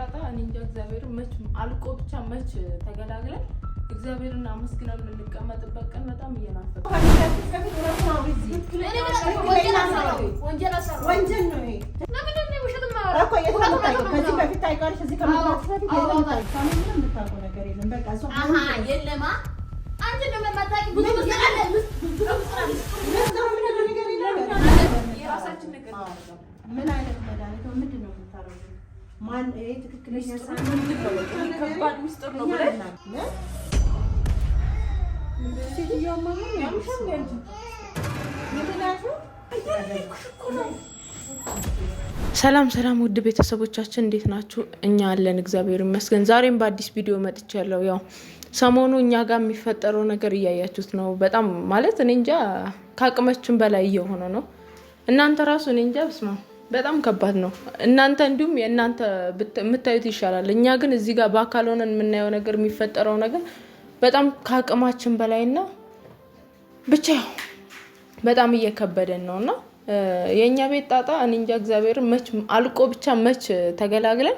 ጣጣ እኔ እንጃ እግዚአብሔርን መች አልቆ ብቻ መች ተገላግለን እግዚአብሔርን አመስግነን የምንቀመጥበት ቀን በጣም እየናፈቀ ነገር የለም። በቃ የለማ አንቺ ምን አይነት መድኃኒት ምንድን ነው የምታደርገው? ማን ትክክለኛ ከባድ ነው ብለን ሰላም ሰላም፣ ውድ ቤተሰቦቻችን እንዴት ናችሁ? እኛ አለን እግዚአብሔር ይመስገን። ዛሬም በአዲስ ቪዲዮ መጥቼ ያለው ያው ሰሞኑ እኛ ጋር የሚፈጠረው ነገር እያያችሁት ነው። በጣም ማለት እኔ እንጃ ከአቅመችን በላይ እየሆነ ነው። እናንተ ራሱ እኔ እንጃ ብስማ በጣም ከባድ ነው። እናንተ እንዲሁም የእናንተ የምታዩት ይሻላል። እኛ ግን እዚህ ጋር በአካል ሆነን የምናየው ነገር የሚፈጠረው ነገር በጣም ከአቅማችን በላይና ብቻ በጣም እየከበደን ነው እና የእኛ ቤት ጣጣ እኔ እንጃ እግዚአብሔር መች አልቆ ብቻ መች ተገላግለን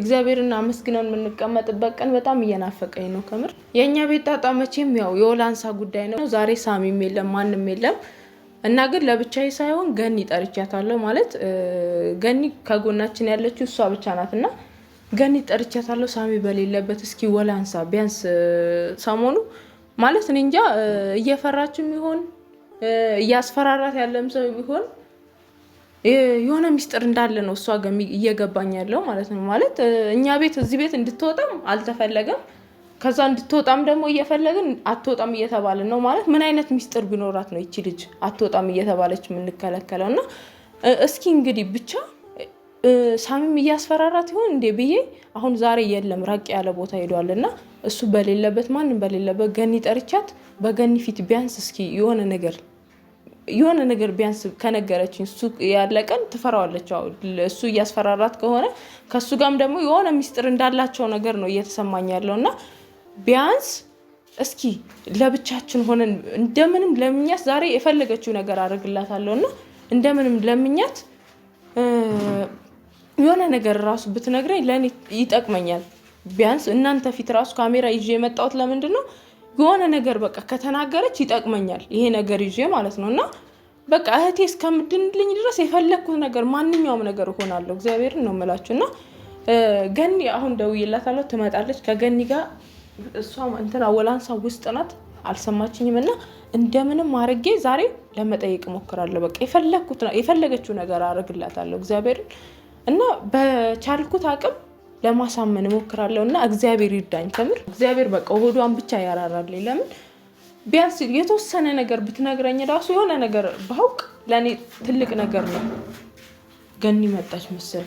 እግዚአብሔርን አመስግነን የምንቀመጥበት ቀን በጣም እየናፈቀኝ ነው ከምር። የእኛ ቤት ጣጣ መቼም ያው የወላንሳ ጉዳይ ነው። ዛሬ ሳሚም የለም ማንም የለም። እና ግን ለብቻዬ ሳይሆን ገኒ ጠርቻታለሁ። ማለት ገኒ ከጎናችን ያለችው እሷ ብቻ ናት። እና ገኒ ጠርቻታለሁ ሳሚ በሌለበት እስኪ ወላንሳ ቢያንስ ሰሞኑ ማለት እኔ እንጃ እየፈራችም ይሆን እያስፈራራት ያለም ሰው ቢሆን የሆነ ሚስጥር እንዳለ ነው እሷ እየገባኝ ያለው ማለት ነው። ማለት እኛ ቤት እዚህ ቤት እንድትወጣም አልተፈለገም። ከዛ እንድትወጣም ደግሞ እየፈለግን አትወጣም እየተባለን ነው። ማለት ምን አይነት ሚስጥር ቢኖራት ነው ይቺ ልጅ አትወጣም እየተባለች የምንከለከለው? እና እስኪ እንግዲህ ብቻ ሳሚም እያስፈራራት ይሆን እንዴ ብዬ አሁን ዛሬ የለም ራቅ ያለ ቦታ ሄዷል እና እሱ በሌለበት ማንም በሌለበት ገኒ ጠርቻት በገኒ ፊት ቢያንስ እስኪ የሆነ ነገር የሆነ ነገር ቢያንስ ከነገረችኝ እሱ ያለ ቀን ትፈራዋለች። እሱ እያስፈራራት ከሆነ ከእሱ ጋም ደግሞ የሆነ ሚስጥር እንዳላቸው ነገር ነው እየተሰማኝ ያለው እና ቢያንስ እስኪ ለብቻችን ሆነን እንደምንም ለምኛት፣ ዛሬ የፈለገችው ነገር አድርግላታለሁ እና እንደምንም ለምኛት የሆነ ነገር ራሱ ብትነግረኝ ለእኔ ይጠቅመኛል። ቢያንስ እናንተ ፊት ራሱ ካሜራ ይዤ የመጣሁት ለምንድን ነው? የሆነ ነገር በቃ ከተናገረች ይጠቅመኛል፣ ይሄ ነገር ይዤ ማለት ነው እና በቃ እህቴ እስከምድንልኝ ድረስ የፈለግኩት ነገር ማንኛውም ነገር እሆናለሁ። እግዚአብሔርን ነው የምላችሁ እና ገኒ አሁን ደውዬላታለሁ፣ ትመጣለች ከገኒ ጋር እሷም እንትና ወላንሳ ውስጥ ናት አልሰማችኝም። እና እንደምንም አድርጌ ዛሬ ለመጠየቅ እሞክራለሁ። በቃ የፈለግኩት የፈለገችው ነገር አድርግላታለሁ እግዚአብሔርን እና በቻልኩት አቅም ለማሳመን እሞክራለሁ እና እግዚአብሔር ይርዳኝ። ከምር እግዚአብሔር በቃ ሆዷን ብቻ ያራራልኝ። ለምን ቢያንስ የተወሰነ ነገር ብትነግረኝ ራሱ የሆነ ነገር ባውቅ ለእኔ ትልቅ ነገር ነው። ገኒ መጣች መሰል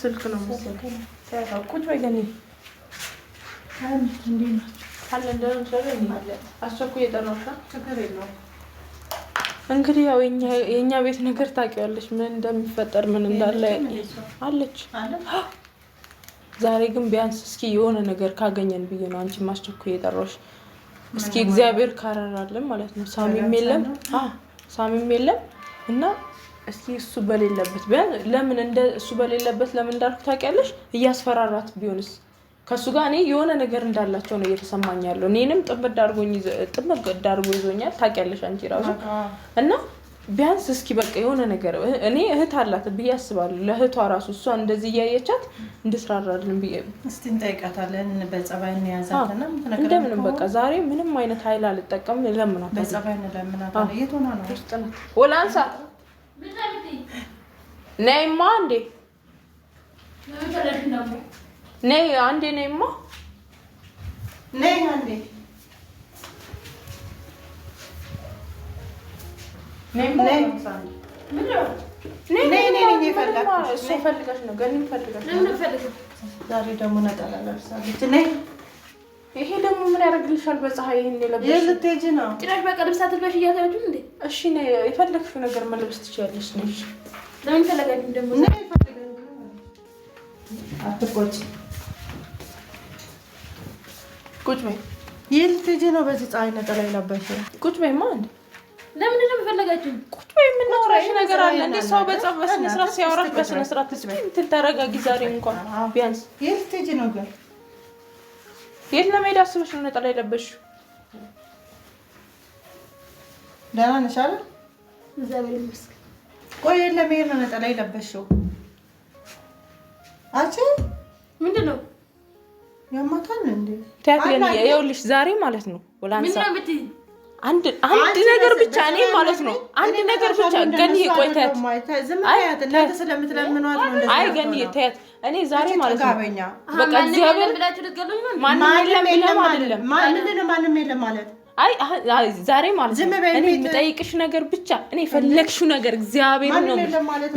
ስልክ ነው ቁጭ በይ ገኒ እንግዲህ ያው የእኛ ቤት ነገር ታውቂዋለሽ፣ ምን እንደሚፈጠር ምን እንዳለ አለች። ዛሬ ግን ቢያንስ እስኪ የሆነ ነገር ካገኘን ብዬ ነው አንቺ ማስቸኩ የጠራሁሽ። እስኪ እግዚአብሔር ካረራለን ማለት ነው። ሳሚም የለም ሳሚም የለም እና እስኪ እሱ በሌለበት ለምን እንደ እሱ በሌለበት ለምን እንዳልኩ ታውቂያለሽ? እያስፈራራት ቢሆንስ ከእሱ ጋር እኔ የሆነ ነገር እንዳላቸው ነው እየተሰማኝ ያለው። እኔንም ጥምድ አድርጎ ይዞኛል ታውቂያለሽ አንቺ ራሱ እና ቢያንስ እስኪ በቃ የሆነ ነገር እኔ እህት አላት ብዬ አስባለሁ። ለእህቷ ራሱ እሷ እንደዚህ እያየቻት እንድስራራልን ብዬ እስቲ እንጠይቃታለን። በጸባይ እንያዛትና እንደምንም በቃ ዛሬ ምንም አይነት ኃይል አልጠቀም ለምናት በጸባይ እንለምናት። የት ሆና ነው? ውስጥ ናት። ወላንሳ ነይማ፣ እንዴ ነይ፣ አንዴ ነይማ፣ ነይ አንዴ ዛሬ ደግሞ ነጠላ ለብሳለች። ይሄ ደግሞ ምን ያደርግልሻል? በፀሐይ ይሄን የለበሽ ልትሄጂ ነው ጭራሽ። በቃ ልብስ አትልበሽ እያታችሁ እንዴ! እሺ ነው የፈለግሽው ነገር መልበስ ትችያለሽ። ነሽ ለምን ፈለጋችሁ ደግሞ ነው አትቆጭ፣ ቁጭ በይ። ይሄ ልትሄጂ ነው በዚህ ፀሐይ ነጠላ የለበሽ ቁጭ በይማ እንዴ! ለምን ነው የምፈለጋችሁ? ቁጭ በይ፣ የምናወራሽ ነገር አለ። እንዴ? ሰው በጻፍ በስነ ስርዓት ሲያወራሽ በስነ ስርዓት እስኪ እንትን ተረጋጊ። ዛሬ እንኳን ቢያንስ የት ለመሄድ አስበሽ ነው ነጠላ የለበሽው? ደህና ነሽ አይደል? ቆይ የት ለመሄድ ነው ነጠላ የለበሽው? አንቺ ምንድን ነው ያማታል እንዴ? ይኸውልሽ ዛሬ ማለት ነው ወላንሳ አንድ አንድ ነገር ብቻ እኔ ማለት ነው አንድ ነገር ብቻ ገኒዬ፣ ቆይተት አይ ገኒዬ ተያት። እኔ ዛሬ ማለት ነው በቃ እግዚአብሔር ማንም የለም አይደለም፣ ማንም የለም ማለት አይ ዛሬ ማለት ነው እኔ የምጠይቅሽ ነገር ብቻ እኔ የፈለግሽው ነገር እግዚአብሔር ነው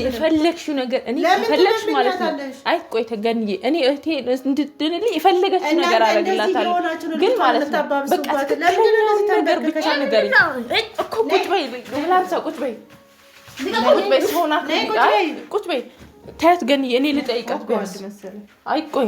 የፈለግሽው ነገር እኔ የፈለግሽ ማለት ነው። አይ ቆይ ተገንዬ እኔ እህቴ እንድትድንልኝ የፈለገችው ነገር አደርግላታለሁ፣ ግን ማለት ነው በቃ ትክክለኛውን ነገር ብቻ ነገር እኮ። ቁጭ በይ ብላንሳ፣ ቁጭ በይ ቁጭ በይ ሲሆናት ቁጭ በይ ታያት ገንዬ እኔ ልጠይቃት ቢያንስ። አይ ቆይ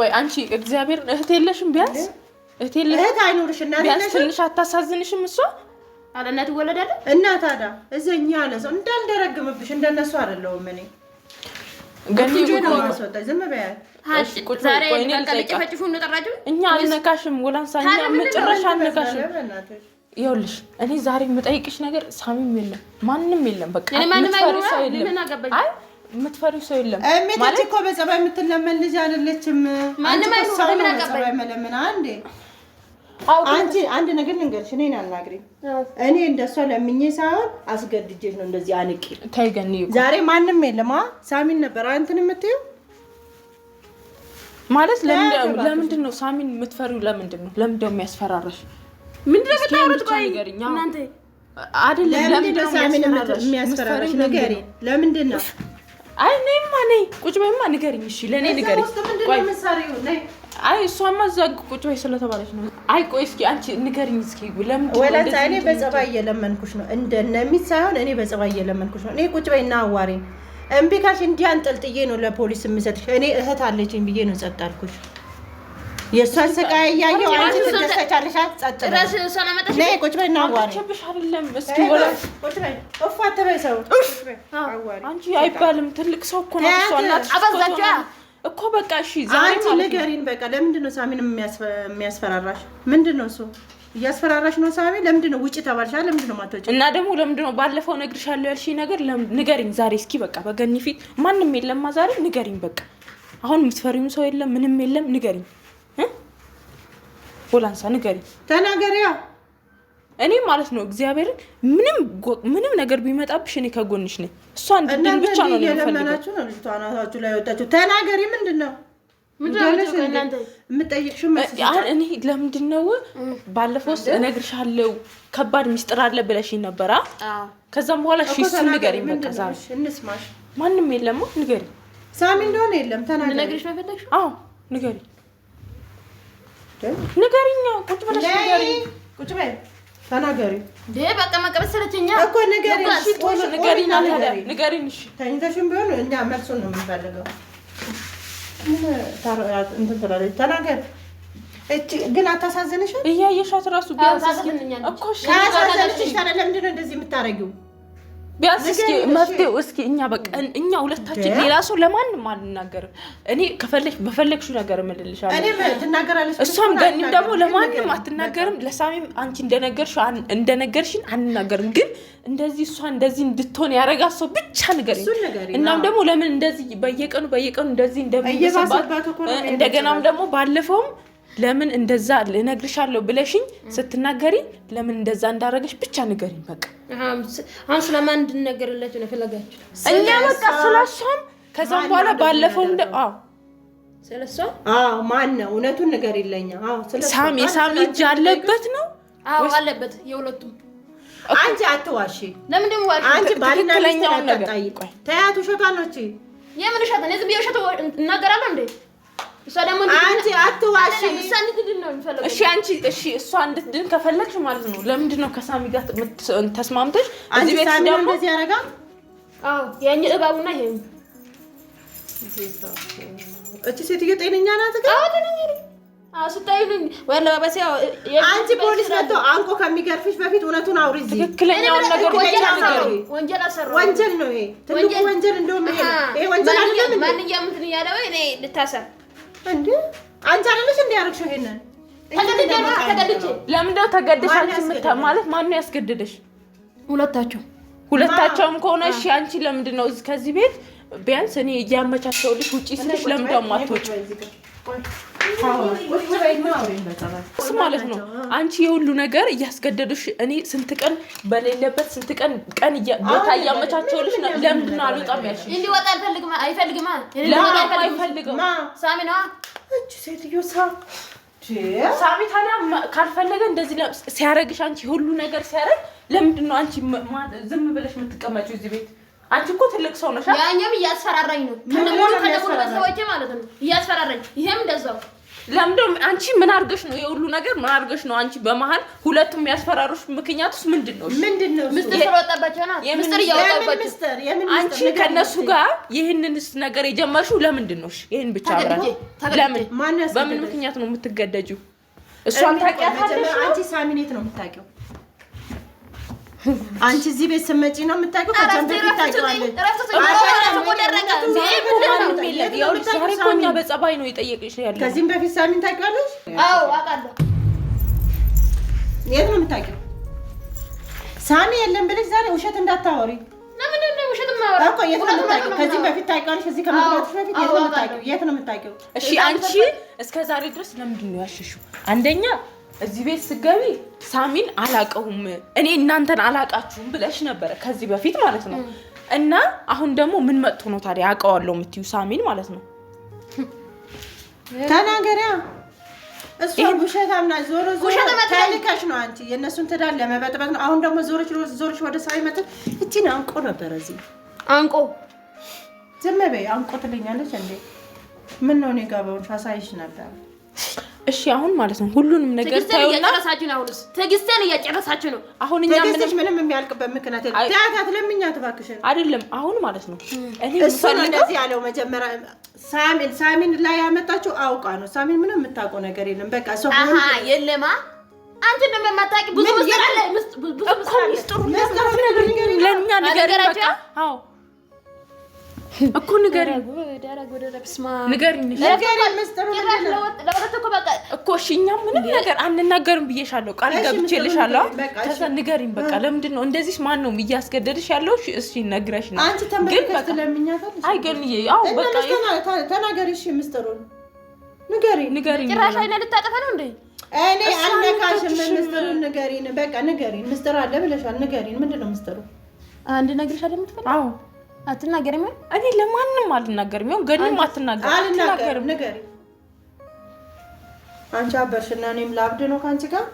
ቆይ አንቺ እግዚአብሔር እህት የለሽም? ቢያንስ እህት የለሽም? እህት አይኖርሽ እና ቢያንስ ትንሽ አታሳዝንሽም? እሷ አለነት ወለዳለ እና ታዲያ እዘኛ አለ ሰው እንዳልደረግምብሽ እንደነሱ አይደለሁም እኔ እኛ አልነካሽም፣ ወላንሳ መጨረሻ አልነካሽም። ይኸውልሽ እኔ ዛሬ የምጠይቅሽ ነገር ሳሚም የለም ማንም የለም፣ በቃ ምትፈሪ ሰው የለም። አይ የምትፈሪው ሰው የለም። እመቤቴ እኮ በጸባይ የምትለመን ልጅ አይደለችም። መለምና አንዴ አንቺ አንድ ነገር ልንገርሽ፣ እኔን አናግሪኝ። እኔ እንደሷ ለምኜ ሳይሆን አስገድጄሽ ነው እንደዚህ አንቄ። ተይ ገኒ፣ ዛሬ ማንም የለም። ሳሚን ነበር እንትን የምትይው ማለት ለምንድን ነው ሳሚን የምትፈሪው? ለምንድን ነው ለምንድን ነው የሚያስፈራራሽ? ምንድን ነው የምታወሩት? ቆይ እናንተ አይደለም ለምንድን ነው ሳሚን የሚያስፈራራሽ? ንገሪኝ፣ ለምንድን ነው አይ እኔማ ነይ ቁጭ በይማ ንገሪኝ። እሺ ለእኔ ንገሪኝ። አይ እሷማ እዛ ቁጭ በይ ስለተባለች ነው። አይ ቆይ እስኪ አንቺ ንገሪኝ እስኪ ለምንድን ወላሂ እኔ በጸባይ እየለመንኩሽ ነው። እንደነሚት ሳይሆን እኔ በጸባይ እየለመንኩሽ ነው። እኔ ቁጭ በይና አዋሪኝ። እምቢ ካልሽ እንዲህ አንጠልጥዬ ነው ለፖሊስ የምሰጥሽ። እኔ እህት አለችኝ ብዬ ነው ጸጥ አልኩሽ። የእሷን ስቃይ እያየሁ አንቺ ትደሰቻለሽ። አንቺ አይባልም ትልቅ ሰው እኮ እኮ በቃ እሺ፣ አንቺ ንገሪን በቃ። ለምንድን ነው ሳሚን የሚያስፈራራሽ? ምንድን ነው እሱ እያስፈራራሽ ነው? ሳሚ ለምንድን ነው ውጭ ተባልሻ? ለምንድን ነው ማትወጪ? እና ደግሞ ለምንድን ነው ባለፈው እነግርሻለሁ ያልሽኝ ነገር ንገሪኝ ዛሬ እስኪ በቃ። በገኒ ፊት ማንም የለማ ዛሬ ንገሪኝ በቃ። አሁን የምትፈሪውም ሰው የለም ምንም የለም፣ ንገሪኝ ቦላንሳ ንገሪ ተናገሪያ። እኔ ማለት ነው እግዚአብሔርን ምንም ምንም ነገር ቢመጣብሽ እኔ ከጎንሽ ነኝ። እሷ እንድድን ብቻ ነው የለመናችሁ ነው ልጅቷ አናታችሁ ላይ ወጣችሁ። ተናገሪ ምንድን ነው እኔ ለምንድን ነው ባለፈው ውስጥ እነግርሻለሁ ከባድ ሚስጥር አለ ብለሽኝ ነበራ። ከዛም በኋላ እሺ እሱን ንገሪኝ። በቃ ዛሬ ማንም የለማ ንገሪኝ። ሳሚ እንደሆነ የለም ተናገሪ። ንገሪሽ መፈለግሽ? ንገሪኛ። ቁጭ ብለሽ ንገሪ፣ ቁጭ በይ ተናገሪ። በቃ መቀበል ስለችኛ እኮ ንገሪኝ። እሺ ተኝተሽም ቢሆን እኛ መልሱን ነው የምንፈልገው። እንትን ትላለች፣ እቺ ግን አታሳዝንሽም? እያየሻት እራሱ ቢያንስ እስኪ እኮ እሺ፣ ለምንድን ነው እንደዚህ የምታረጊው? ቢያንስ እስኪ መፍትሄው እስኪ እኛ በቃ እኛ ሁለታችን ሌላ ሰው ለማንም አልናገርም። እኔ ከፈለሽ በፈለግሽው ነገር እምልልሻለሁ። እሷም ገኒም ደግሞ ለማንም አትናገርም። ለሳሚም አንቺ እንደነገርሽ እንደነገርሽን አንናገርም። ግን እንደዚህ እሷ እንደዚህ እንድትሆን ያደረጋት ሰው ብቻ ንገር። እናም ደግሞ ለምን እንደዚህ በየቀኑ በየቀኑ እንደዚህ እንደሚሰባት እንደገናም ደግሞ ባለፈውም ለምን እንደዛ ልነግርሻለሁ ብለሽኝ ስትናገሪ ለምን እንደዛ እንዳረገሽ ብቻ ንገሪኝ። በቃ አሁን ስለማን እንድንነገርላችሁ ነው የፈለጋችሁ? እኛ በቃ ስለሷም ከዛም በኋላ ባለፈው እንደ ስለሷ ማን ነው እውነቱን ንገር ይለኛ። ሳሚ ሳሚ እጅ አለበት ነው? አለበት፣ የሁለቱም አንቺ አትዋሺ። ለምን ደግሞ ዋሽ? አንቺ ባልና ለኛ ነው ነገር ታያቱ ሸታለች። የምን ሸታ ነው? ዝም ብዬ ሸታ እናገራለሁ እንዴ? እሷ ደግሞ አንቺ አትዋሺ። እሷ እንድትድን ነው የሚፈልገው። እሺ አንቺ እሺ፣ እሷ እንድትድን ከፈለግሽ ማለት ነው። ለምንድን ነው ከሳሚ ጋር ተስማምተሽ እዚህ ቤት ደግሞ እንደዚህ ያረጋ? አዎ ያኝ እባቡና ይሄ እቺ ሴትዮ ጤነኛ ናት? አዎ ጤነኛ ናት። አንቺ ፖሊስ መጥቶ አንቆ ከሚገርፍሽ በፊት እውነቱን አውሪ። ትክክለኛውን ነገር ወንጀል ነው ይሄ ትልቁ ወንጀል። እንደውም ይሄ ወንጀል አይደለም። ማንኛውም እንትን እያለ ወይ እኔ ልታሰር እንዴ አንቺ አይደለሽ እንዴ ያደረግሽው ይሄንን? ነው ያስገደደሽ? ሁለታቸው ሁለታቸውም ከሆነ እሺ፣ አንቺ ለምንድን ነው ከዚህ ቤት ቢያንስ እኔ እያመቻቸውልሽ ውጪ ስልሽ ለምንድን ነው የማትወጪው? እሱ ማለት ነው አንቺ የሁሉ ነገር እያስገደዱሽ፣ እኔ ስንት ቀን በሌለበት ስንት ቀን ቀን ቦታ እያመቻቸውልሽ ለምንድን ነው አልወጣም ያልሽ? እንዲወጣ አይፈልግም አይፈልግም ሳሚ ነዋ ሴትዮ ሳሚ ታዲያ ካልፈለገ እንደዚህ ሲያረግሽ፣ አንቺ የሁሉ ነገር ሲያረግ ለምንድን ነው አንቺ ዝም ብለሽ የምትቀመጪው እዚህ ቤት? አንቺ እኮ ትልቅ ሰው ነሽ። ያኛም እያስፈራራኝ ነው ከነሱ ከነሱ ሰዎች ማለት ነው እያስፈራራኝ ይሄም እንደዛው ለምደው አንቺ ምን አድርገሽ ነው የሁሉ ነገር ምን አድርገሽ ነው አንቺ በመሀል ሁለቱም የሚያስፈራሩሽ ምክንያቱስ ምንድን ነው ምንድን ነው ምስጢር እያወጣባቸው አንቺ ከእነሱ ጋር ይህንንስ ነገር የጀመርሽው ለምንድን ነው ይህን ብቻ ለምን በምን ምክንያት ነው የምትገደጁ እሷን ታውቂያታለሽ አንቺ ሳሚኔት ነው የምታውቂው አንቺ እዚህ ቤት ስትመጪ ነው የምታውቂው። እኛ በጸባይ ነው የጠየቅሽ ያለው። ከዚህም በፊት ሳሚን ታውቂዋለሽ? የት ነው የምታውቂው? ሳሚ የለም ብለሽ ዛሬ ውሸት እንዳታወሪ። ከዚህ በፊት ታውቂዋለሽ? እዚህ ከመግባትሽ በፊት የት ነው የምታውቂው? እሺ አንቺ እስከ ዛሬ ድረስ ለምንድን ነው ያሸሽው? አንደኛ እዚህ ቤት ስገቢ ሳሚን አላቀውም እኔ እናንተን አላቃችሁም ብለሽ ነበረ ከዚህ በፊት ማለት ነው። እና አሁን ደግሞ ምን መጥቶ ነው ታዲያ አውቀዋለሁ የምትዩ ሳሚን ማለት ነው? ተናገሪያ። እሷ ውሸታም ናት። ዞሮ ዞሮ ታልካሽ ነው አንቺ የእነሱን ትዳር ለመበጥበት ነው። አሁን ደግሞ ዞሮች ዞሮች ወደ ሳሚ መጥተሽ እቺን አንቆ ነበረ እዚህ አንቆ ዝም በይ አንቆ ትለኛለች እንዴ? ምን ነው እኔ ጋር በሆንሽ ነበር እሺ አሁን ማለት ነው ሁሉንም ነገር ታዩና ትዕግስትን እያጨረሳችሁ ነው። አሁን እኛ ምንም ምንም የሚያልቅበት ምክንያት አይደለም። አሁን ማለት ነው እኔ እንደዚህ ያለው መጀመሪያ ሳሚን ሳሚን ላይ ያመጣችው አውቃ ነው። ሳሚን ምንም የምታውቀው ነገር የለም። በቃ ሰው የለማ አንቺ ነው የማታውቂ ብዙ ምስጢር አለ። ብዙ ምስጢር አለ። ለኛ ነገር በቃ አዎ እኮ ንገሪኝ እኮ እሺ፣ እኛ ምንም ነገር አንናገርም ብዬሻለሁ፣ ቃል ገብቼልሻለሁ። ከዛ ንገሪኝ በቃ ለምንድን ነው እንደዚህ? ማን ነው እያስገደድሽ ያለው? እሺ ነግረሽ ነው ግን በቃ እኔ አልነካሽም። ምስጢሩን ንገሪን፣ በቃ ንገሪን። ምስጢር አለ ብለሻል፣ ንገሪን። ምንድን ነው ምስጢሩ? አንድ ነግረሻለሁ። የምትፈልጊው አዎ አትናገር ይሆን? እኔ ለማንም አልናገርም። ይሆን ገንም አትናገር አልናገርም። ንገሪ። አንቺ አበርሽና እኔም ላብድ ነው ከአንቺ ጋር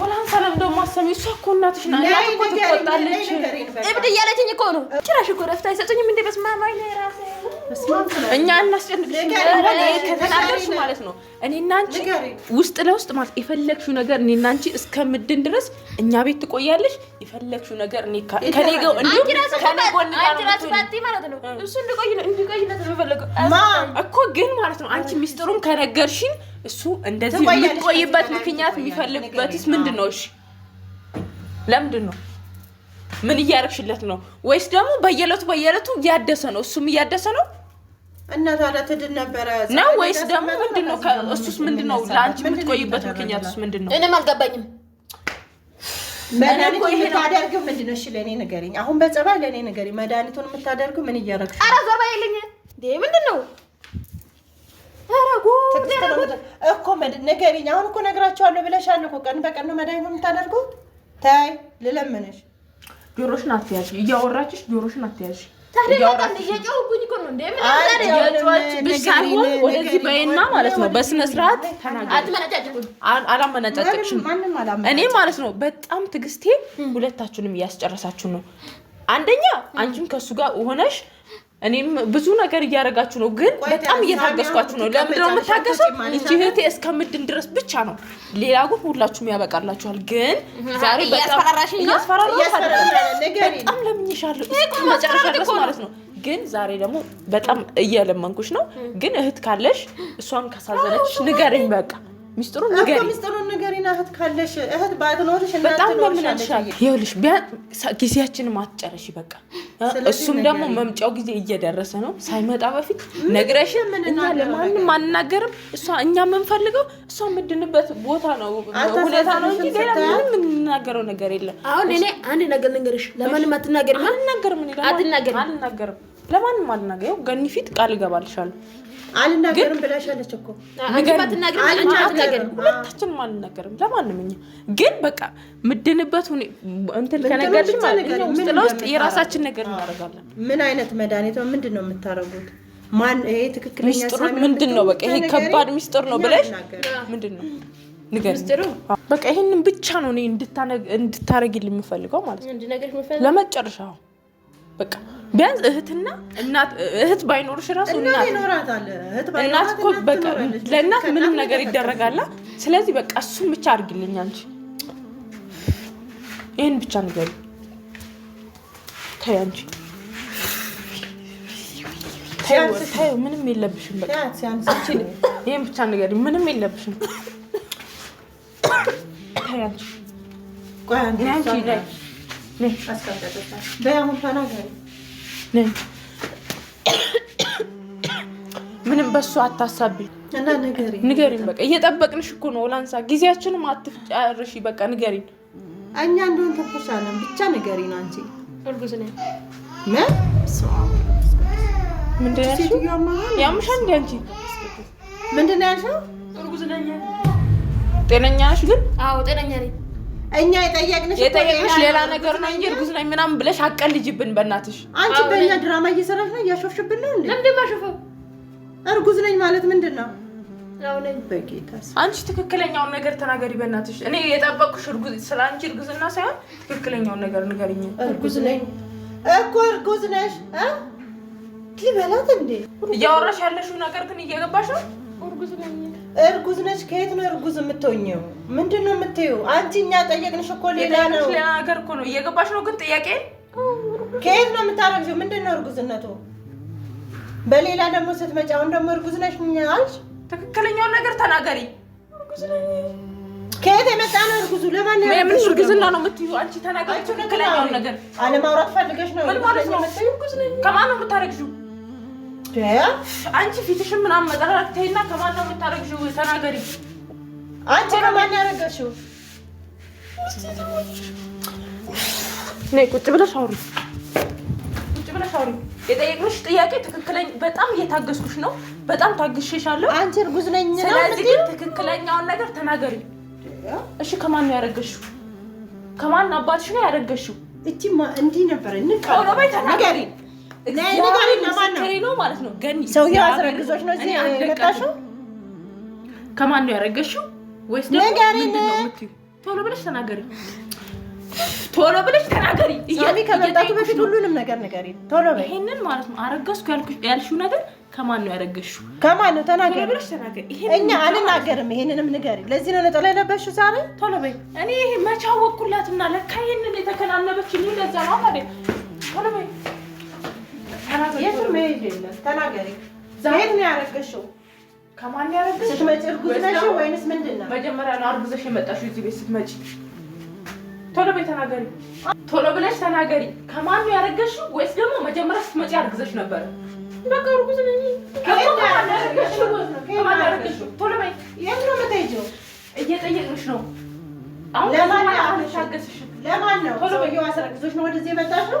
ወላን ሰላም ደሞ አሰሚ። እሷ እኮ እናትሽ ናት። እናት እኮ ትቆጣለች። እብድ እያለችኝ እኮ ነው። ጭራሽ እኮ ረፍት አይሰጡኝም እንዴ! በስመ ራሴ እኛ እናስጨንቅሽ ማለት ነው። እኔ እና አንቺ ውስጥ ለውስጥ ማለት የፈለግሽው ነገር እኔ አንቺ እስከምድን ድረስ እኛ ቤት ትቆያለሽ። የፈለግሽው ነገር ከኔ ጋር እኮ ግን ማለት ነው። አንቺ ሚስጥሩን ከነገርሽን እሱ እንደዚህ የምትቆይበት ምክንያት የሚፈልግበትስ ምንድን ነው? እሺ ለምንድን ነው? ምን እያደረግሽለት ነው? ወይስ ደግሞ በየለቱ በየለቱ እያደሰ ነው? እሱም እያደሰ ነው እና ታዲያ ትድን ነበረ ነው ወይስ ደግሞ ምንድን ነው? እሱስ ምንድን ነው? ለአንቺ የምትቆይበት ምክንያቱስ ምንድን ነው? እኔም አልገባኝም። መድኃኒቱን የምታደርጊው ምንድን ነው? እሺ ለእኔ ንገሪኝ። አሁን በጸባይ ለእኔ ንገሪኝ። መድኃኒቱን የምታደርጊው ምን እያደረግሽ? ኧረ ዞርባ የለኝ ምንድን ነው እኮ ንገሪኝ። አሁን እኮ ነግራቸዋለሁ ብለሻል እኮ ቀን በቀን ነው መድኃኒቱን የምታደርጉት። ተይ ልለምንሽ። ጆሮሽን አትያዥ፣ እያወራችሽ ጆሮሽን አትያዥ ወደዚህ በይና ማለት ነው። እኔ ማለት ነው በጣም ትግስቴ ሁለታችሁንም እያስጨረሳችሁ ነው። አንደኛ አንቺም ከእሱ ጋር ሆነሽ እኔም ብዙ ነገር እያደረጋችሁ ነው፣ ግን በጣም እየታገስኳችሁ ነው። ለምንድነው የምታገሰው? እቺ እህቴ እስከምድን ድረስ ብቻ ነው። ሌላ ጉድ ሁላችሁም ያበቃላችኋል። ግን ዛሬ በጣም ለምኝሻለሁ መጨረሻ ድረስ ማለት ነው። ግን ዛሬ ደግሞ በጣም እየለመንኩሽ ነው። ግን እህት ካለሽ እሷን ካሳዘነች ንገረኝ በቃ ሚስጥሩን ነገር ሚስጥሩን ነገር እህት ካለሽ እህት ባትኖርሽ በጣም ለምንልሻል። ይኸውልሽ ጊዜያችንም አትጨረሽ በቃ። እሱም ደግሞ መምጫው ጊዜ እየደረሰ ነው። ሳይመጣ በፊት ነግረሽ እኛ ለማንም አናገርም። እሷ እኛ የምንፈልገው እሷ የምድንበት ቦታ ነው ሁኔታ ነው እንጂ ሌላ ምንም የምንናገረው ነገር የለም። አሁን እኔ አንድ ነገር ልንገርሽ፣ ለማንም አትናገርም። አልናገርም፣ አልናገርም፣ ለማንም አልናገርም። ገኒ ፊት ቃል እገባልሻለሁ ሁለታችንም አልናገርም ለማንም። እኛ ግን በቃ ምድንበት እንትን ከነገርሽ ውስጥ የራሳችን ነገር እናደርጋለን። ምን አይነት መድኃኒት ነው? ምንድን ነው የምታደርጉት? ማን ምንድን ነው? በቃ ይሄ ከባድ ሚስጥር ነው ብለሽ ምንድን ነው በቃ ይሄንን ብቻ ነው እኔ እንድታረጊልኝ የምፈልገው ማለት ነው ለመጨረሻው በቃ ቢያንስ እህትና እናት እህት ባይኖርሽ ራሱ እናት ለእናት ምንም ነገር ይደረጋላ። ስለዚህ በቃ እሱን ብቻ አድርጊልኝ አንቺ ይህን ብቻ ንገሪ ተይ፣ አንቺ ምንም የለብሽም። በቃ ይህን ብቻ ንገሪ፣ ምንም የለብሽም። ተይ አንቺ ምንም በሱ አታሳቢ እና ንገሪኝ። በቃ እየጠበቅንሽ እኮ ነው። ላንሳ ጊዜያችንም አትጨርሺ። በቃ ንገሪኝ። እኛ እንደሆን ተኮሻለን። ብቻ ንገሪኝ። አንቺ እርጉዝ ነኝ። ምንድን ነው ያልሽው? ያምሻል እንደ አንቺ ምንድን ነው ያልሽው? እርጉዝ ነኝ። ጤነኛ ነሽ ግን? አዎ ጤነኛ ነኝ። እኛ የጠየቅንሽ የጠየቅንሽ ሌላ ነገር ነው እንጂ እርጉዝ ነኝ ምናምን ብለሽ አቀልጅብን። በእናትሽ አንቺ በእኛ ድራማ እየሰራሽ ነው፣ እያሾፍሽብን ነው እንዴ? ለምንድን ማሾፈው? እርጉዝ ነኝ ማለት ምንድን ነው? አንቺ ትክክለኛውን ነገር ተናገሪ በእናትሽ። እኔ የጠበቅኩሽ እርጉዝ ስለ አንቺ እርጉዝና ሳይሆን ትክክለኛውን ነገር ንገርኝ። እርጉዝ ነኝ እኮ እርጉዝ ነሽ ሊበላት እንዴ? እያወራሽ ያለሽው ነገር ግን እየገባሽ ነው። እርጉዝ ነኝ እርጉዝ ነች። ከየት ነው እርጉዝ የምትሆኘው? ምንድን ነው የምትዩ? አንቺ? እኛ ጠየቅንሽ እኮ ሌላ ነው፣ ሌላ እኮ ነው። እየገባሽ ነው ግን ጥያቄ ከየት ነው የምታረግሽው? ምንድን ነው እርጉዝነቱ? በሌላ ደግሞ ስትመጪ አሁን ደግሞ እርጉዝ ነች አልሽ። ትክክለኛውን ነገር ተናገሪ። ከየት የመጣ ነው እርጉዙ? ለማን ምን እርግዝና ነው የምትይው አንቺ? ተናገሪ ትክክለኛውን ነገር። አለማውራት ፈልገሽ ነው? ምን ማለት ነው? ከማን ነው የምታረግሽው? አንቺ ፊትሽ ምናምን መጠራራት ተይና፣ ከማን ነው የምታረግሽው? ተናገሪ። አንቺ ከማን ያረገሽው? ነይ ቁጭ ብለሽ አውሪ፣ ቁጭ ብለሽ አውሪ። የጠየቅንሽ ጥያቄ ትክክለኛ በጣም እየታገስኩሽ ነው። በጣም ታግሼሻለሁ። አንቺ እርጉዝ ነኝ ነው። ስለዚህ ግን ትክክለኛውን ነገር ተናገሪ እሺ። ከማን ነው ያረገሽው? ከማን አባትሽ ነው ያረገሽው? እቺ እንዲህ ነበረ ንቃ ነው። ተናገሪ ነው ነው። ገኒ ሰውዬው አስረግዞሽ ነው ከማን ነው ያረገሽው? ወይስ ቶሎ ብለሽ ተናገሪ፣ ቶሎ ብለሽ ተናገሪ። ከመምጣቱ በፊት ሁሉንም ነገር ንገሪ፣ ቶሎ በይ። ይሄንን ማለት ነው አረገዝኩ ያልሽው ነገር ከማን ነው ያረገሽው? ከማን ነው ተናገሪ፣ ብለሽ ተናገሪ። እኛ አንናገርም፣ ይሄንንም ንገሪ። ለዚህ ነው ነጠላ የለበሽው ዛሬ? ቶሎ በይ። እኔ ይሄ መቻወኩላትና ለካ ይሄንን የተከናነበች ለዛ ነው ማለት ቶሎ በይ የትም መሄድ የለም። ተናገሪ። ዛሬ ነው ያረገሽው? ከማን ያረገሽ? ስትመጪ እርጉዝ ነሽ ወይንስ ምንድን ነው? መጀመሪያ ነው አርጉዘሽ የመጣሽው እዚህ ቤት ስትመጪ። ቶሎ በይ ተናገሪ። ቶሎ ብለሽ ተናገሪ። ከማን ነው ያረገሽው? ወይስ ደግሞ መጀመሪያ ስትመጪ አርግዘሽ ነበረ? በቃ እርጉዝ ነኝ። ከማን ያረገሽው? ቶሎ በይ። የት ነው የምትሄጂው? እየጠየቅሽ ነው አሁን። ለማን ነው? ለማን ነው? ቶሎ በይ። አስረግዞሽ ነው ወደዚህ የመጣሽው?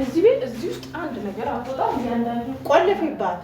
እዚህ ቤት እዚህ ውስጥ አንድ ነገር አትወጣም። እያንዳንዱ ቆልፍ ይባል